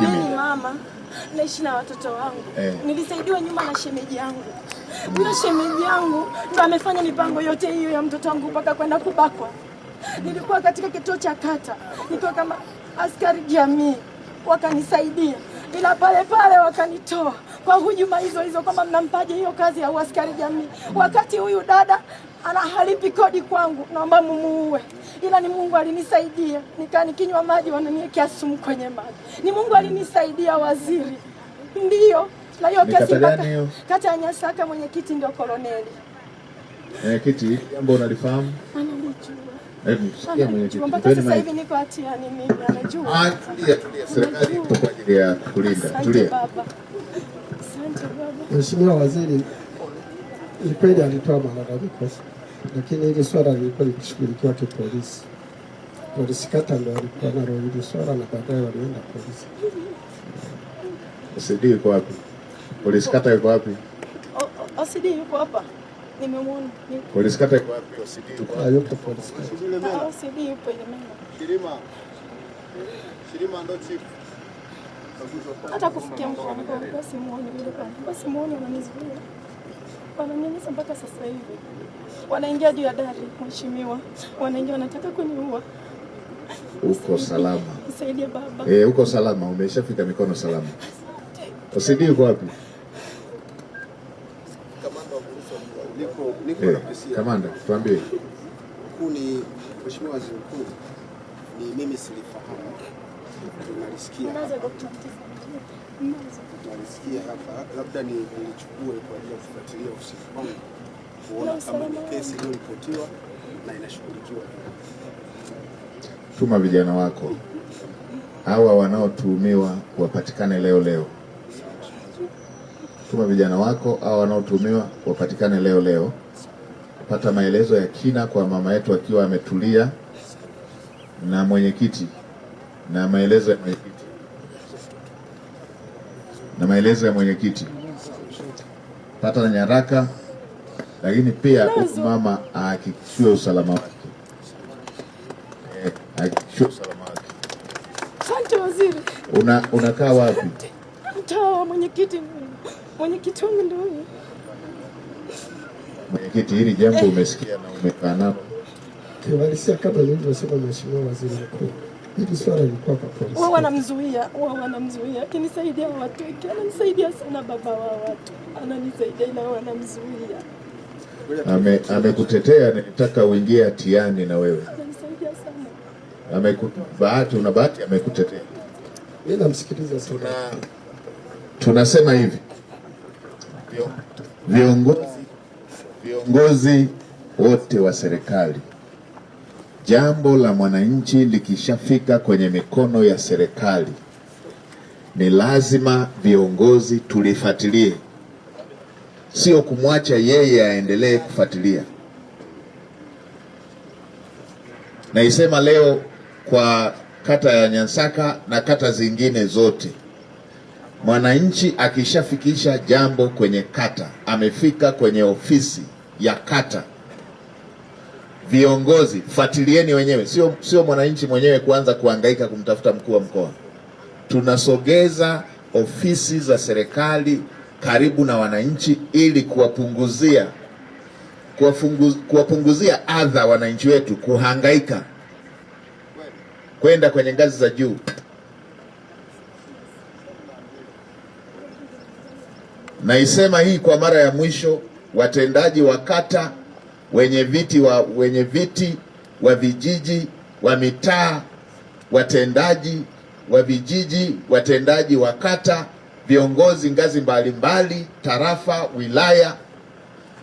Mimi mama naishi na watoto wangu eh. Nilisaidiwa nyuma na shemeji yangu bila Shemeji yangu ndo amefanya mipango yote hiyo ya mtoto wangu mpaka kwenda kubakwa. Nilikuwa katika kituo cha kata nikiwa kama askari jamii, wakanisaidia bila pale pale wakanitoa kwa hujuma hizo hizo, kwamba mnampaje hiyo kazi ya uaskari jamii, wakati huyu dada ana halipi kodi kwangu, naomba mumuue ila ni Mungu alinisaidia, nikaa nikinywa maji wananiwekea sumu kwenye maji. Ni Mungu alinisaidia waziri, ndio na hiyo kesi mpaka kata ya Nyasaka, mwenyekiti ndio koloneli mwenyekiti. Eh, jambo unalifahamu, analijua sasa hivi niko hatiani mimi, anajua. Ah, tulia, tulia, serikali kwa ajili ya kulinda. Tulia baba. Asante baba. Mheshimiwa Waziri, ni kweli alitoa malalamiko lakini hili swala lilikuwa likishughulikiwa kipolisi. Polisi kata ndio walikuwa nalo hili swala na baadaye walienda polisi. OCD yuko wapi? Polisi kata yuko wapi? OCD yuko hapa. Nimemwona. Polisi kata yuko wapi? OCD yuko wapi? Yuko polisi kata. Ah, OCD yupo ile mena. Shirima. Shirima ndo chief. Hata kufikia mkono kwa simuoni yule kwa simuoni ananizuia wananyanyasa mpaka sasa hivi, wanaingia juu ya dari. Mheshimiwa, wanaingia wanataka kuniua. Uko salama, nisaidie baba. Eh, uko salama, umeshafika mikono salama. Usidi uko wapi? Kamanda, eh, tuambie. ni Mheshimiwa Waziri Mkuu, ni mimi silifahamu hapa, labda nilichukue kwa ajili ya kufuatilia wangu kuona kama ni kesi iliyoripotiwa na inashughulikiwa. Tuma vijana wako hawa wanaotuhumiwa wapatikane leo leo. Tuma vijana wako hawa wanaotuhumiwa wapatikane leo leo. Pata maelezo ya kina kwa mama yetu akiwa ametulia na mwenyekiti na maelezo ya mwenyekiti na maelezo ya mwenyekiti pata na nyaraka, lakini pia huku mama ahakikishiwe usalama wake, eh, ahakikishiwe usalama wake. Asante waziri. Una unakaa wapi? Mtaa. wa Mwenyekiti, mwenyekiti wangu ndio huyu. Mwenyekiti, hili jambo umesikia na umekaa nalo. Kiwalisia kabla nilivyosema, Mheshimiwa Waziri Mkuu Hili swala lilikuwa kwa polisi. Wao wanamzuia, wao wanamzuia. Akinisaidia watu, ananisaidia sana baba wa watu. Ananisaidia ila wanamzuia. Ame amekutetea nitaka uingie hatiani na wewe. Ananisaidia sana. Ameku bahati una bahati amekutetea. Mimi namsikiliza sana. Tuna, tunasema hivi. Viongozi viongozi wote wa serikali Jambo la mwananchi likishafika kwenye mikono ya serikali, ni lazima viongozi tulifuatilie, sio kumwacha yeye aendelee kufuatilia. Naisema leo kwa kata ya Nyansaka na kata zingine zote, mwananchi akishafikisha jambo kwenye kata, amefika kwenye ofisi ya kata Viongozi fuatilieni wenyewe, sio sio mwananchi mwenyewe kuanza kuhangaika kumtafuta mkuu wa mkoa. Tunasogeza ofisi za serikali karibu na wananchi ili kuwapunguzia kuwapunguzia adha wananchi wetu kuhangaika kwenda kwenye ngazi za juu. Naisema hii kwa mara ya mwisho, watendaji wa kata wenye viti wa, wenye viti wa vijiji wa mitaa, watendaji wa vijiji, watendaji wa kata, viongozi ngazi mbalimbali, tarafa, wilaya.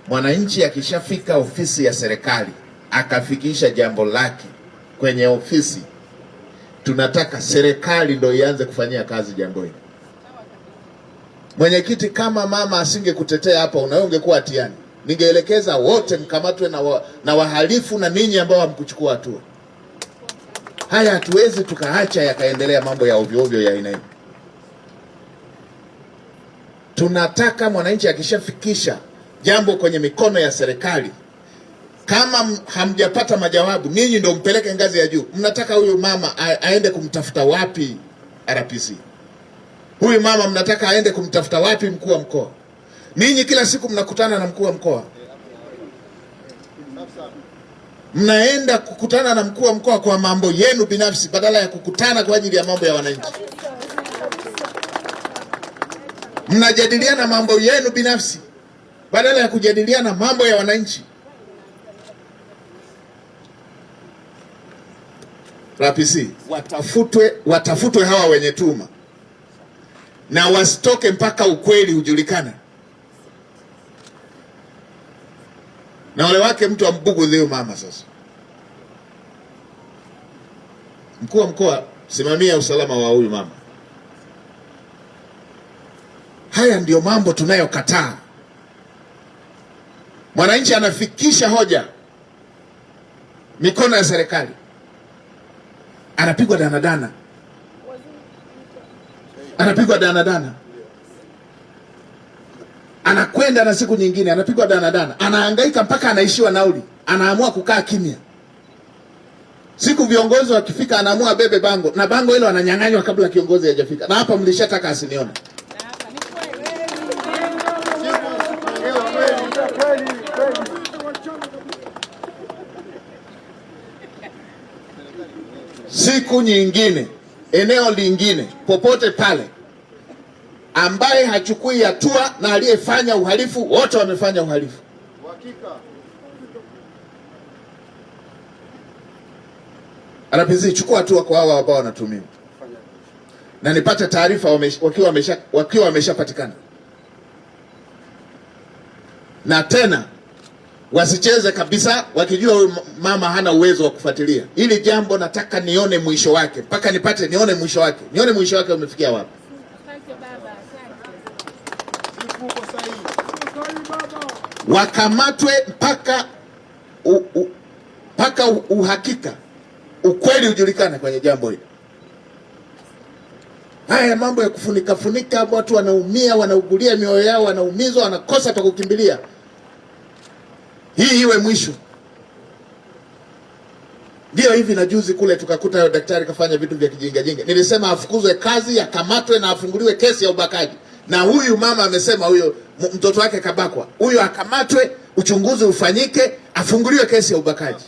Mwananchi akishafika ofisi ya serikali akafikisha jambo lake kwenye ofisi, tunataka serikali ndio ianze kufanyia kazi jambo hili. Mwenyekiti, kama mama asingekutetea hapa, unawe ungekuwa hatiani ningeelekeza wote mkamatwe na, wa, na wahalifu na ninyi ambao hamkuchukua hatua. Haya hatuwezi tukaacha yakaendelea mambo ya ovyo ya aina hii. Tunataka mwananchi akishafikisha jambo kwenye mikono ya serikali, kama hamjapata majawabu, ninyi ndio mpeleke ngazi ya juu. Mnataka huyu mama aende kumtafuta wapi RPC? Huyu mama mnataka aende kumtafuta wapi mkuu wa mkoa? Ninyi kila siku mnakutana na mkuu wa mkoa, mnaenda kukutana na mkuu wa mkoa kwa mambo yenu binafsi, badala ya kukutana kwa ajili ya mambo ya wananchi. Mnajadiliana mambo yenu binafsi badala ya kujadiliana mambo ya wananchi. RPC watafutwe, watafutwe hawa wenye tuma na wasitoke mpaka ukweli hujulikana. na ole wake mtu ambughudhi huyu mama. Sasa mkuu wa mkoa, simamia usalama wa huyu mama. Haya ndiyo mambo tunayokataa. Mwananchi anafikisha hoja mikono ya serikali, anapigwa danadana, anapigwa danadana anakwenda na siku nyingine anapigwa danadana, anahangaika mpaka anaishiwa nauli, anaamua kukaa kimya. Siku viongozi wakifika, anaamua bebe bango na bango hilo ananyang'anywa kabla kiongozi hajafika. Na hapa mlishataka asinione siku nyingine, eneo lingine, popote pale ambaye hachukui hatua na aliyefanya uhalifu wote wamefanya uhalifu. RPC, chukua hatua kwa hawa ambao wanatumia, na nipate taarifa wakiwa wameshapatikana na tena wasicheze kabisa, wakijua huyu mama hana uwezo wa kufuatilia hili jambo. Nataka nione mwisho wake, mpaka nipate nione mwisho wake, nione mwisho wake umefikia wapi wakamatwe mpaka mpaka uhakika, ukweli ujulikane kwenye jambo hili. Haya mambo ya kufunika funika, watu wanaumia, wanaugulia mioyo yao, wanaumizwa, wanakosa pa kukimbilia. Hii iwe mwisho. Ndio hivi na juzi kule tukakuta daktari kafanya vitu vya kijinga jinga. Nilisema afukuzwe kazi, akamatwe na afunguliwe kesi ya ubakaji na huyu mama amesema huyo mtoto wake kabakwa, huyo akamatwe, uchunguzi ufanyike, afunguliwe kesi ya ubakaji.